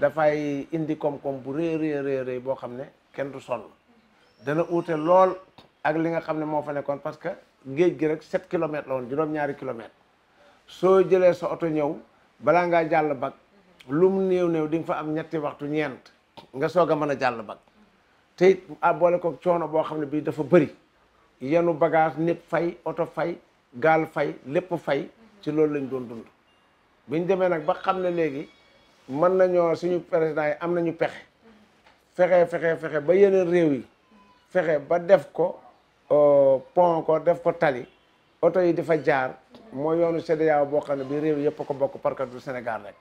dafay indi koom-koom bu rëy rëy rëy boo xam ne kenn du sonn dana uute lool ak li nga xam ne moo fa nekkoon parce que géej gi rek 7 kilomètres la woon juróom-ñaari kilomètres soo jëlee sa oto ñëw balaa ngaa jàll bag lu mu néew néew di fa am ñetti waxtu ñeent nga soog a mën a jàll bag te it ah, boole ko coono boo xam ne bii dafa bëri yenu bagage nit fay oto fay gaal fay lépp fay ci loolu lañ doon dund biñ demee nag ba xam ne léegi. mën nañoo suñu président yi am nañu pexe fexe fexe fexe ba yeneen réew yi fexe ba def ko euh, pont ko def ko tali oto yi dafa jaar mooy yoonu CEDEAO boo xam ne bi réew yëpp ko bokk parce que du Sénégal rek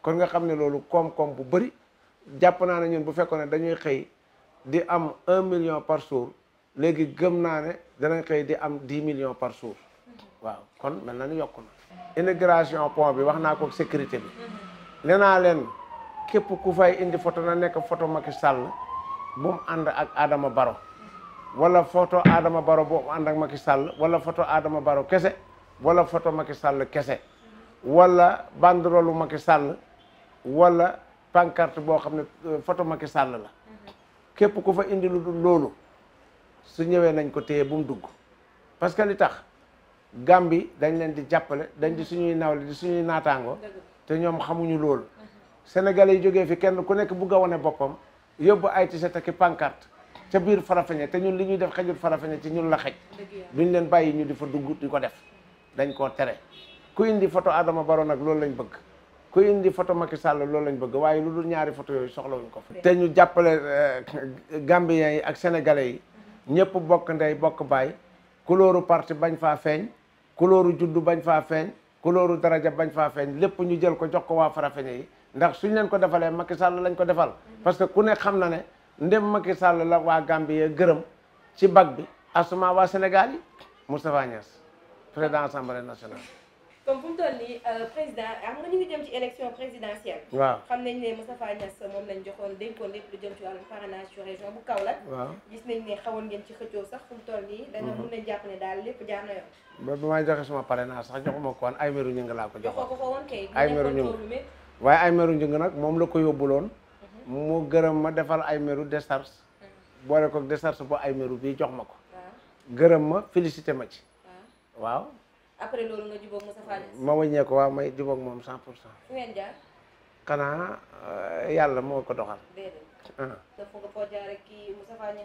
kon nga xam ne loolu koom-koom bu bëri jàpp naa ne ñun bu fekkoon ne dañuy xëy di am un million par jour léegi gëm naa ne danañ xëy di am dix millions par jour waaw kon mel na ni yokku na. intégration pont bi wax naa ko sécurité bi. nee naa leen képp ku fa indi photo na nekk photo Macky Sall bu mu ànd ak aadama Baro wala photo Adama Baro bu mu ànd ak Macky sàll wala photo aadama Baro kese wala photo Macky sàll kese wala banderolu Macky sàll wala pancarte boo xam ne euh, photo Macky Sall la képp ku fa indi lu dul loolu su ñëwee nañ ko téye bu mu dugg parce que li tax Gàmbi dañ leen di jàppale dañ di suñuy nawle di suñuy naataango te ñoom xamuñu loolu sénégalais yi jógee fi kenn ku nekk bugg a wane boppam yóbbu ay t-shirt ak pancarte ca biir Farafeñe te ñun li ñuy def xajul Farafeñe ci ñun la xej duñ leen bàyyi ñu di fa dugg di ko def dañ koo tere ku indi photo Adama baroon nag loolu lañ bëgg ku indi photo Macky sàll loolu lañ bëgg waaye lu dul ñaari photo yooyu soxlawuñ ko fa te ñu jàppale euh, Gambiens yi ak Sénégalais yi ñëpp bokk ndey bokk baay kulóoru parti bañ faa feeñ kulóoru juddu bañ faa feeñ kulóoru daraja bañ faa feeñ lépp ñu jël ko jox ko waa Farafeñe yi ndax suñ leen ko defalee Macky Sall lañ ko defal parce que ku ne xam na ne ndem Macky Sall la waa Gambie gërëm ci bag bi asuma waa Sénégal yi Moustapha Niass président assemblée nationale comme fu mu toll nii euh, président am nga ñu ngi jëm ci élection présidentielle. waaw xam nañ ne Moustapha Niass moom lañ joxoon dénkoon lépp lu jëm ci gis nañ ne xawoon ngeen ci xëccoo mhm. joxe sama parrainage sax joxuma ko woon Aymerou Gningue ko jox. joxoo ko ko woon waaye Aymerou Gningue nag moom la ko yóbbu yóbbuloon. Mhm. mu gërëm ma defal Aymerou décharge. Mhm. boole ko décharge bu Aymerou bii jox ma ko. gërëm ma félicité ma ci waaw après loolu nga jubóog Moustapha Niass. ma wëññee ko waaw may jubóog moom cent pour cent. fu ngeen jaar. xanaa euh, yàlla moo ko doxal. déedéet. Ah. dafa nga foo ni.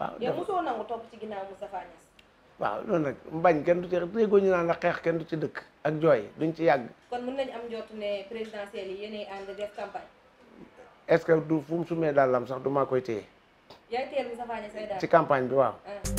waaw yow mosoo nangu topp ci ginnaaw Moustapha Niass. waaw loolu nag mbañ kenn du ci déggoo ñu naan la xeex kenn du ci dëkk ak jooy duñ ci yàgg. kon mën nañu am njort ne présidentielle yi yéenay ànd def campagne. est-ce que du fu mu sumee daal lam sax du maa koy téye. yaay téye Moustapha Niass daal ci campagne bi waaw. Ah.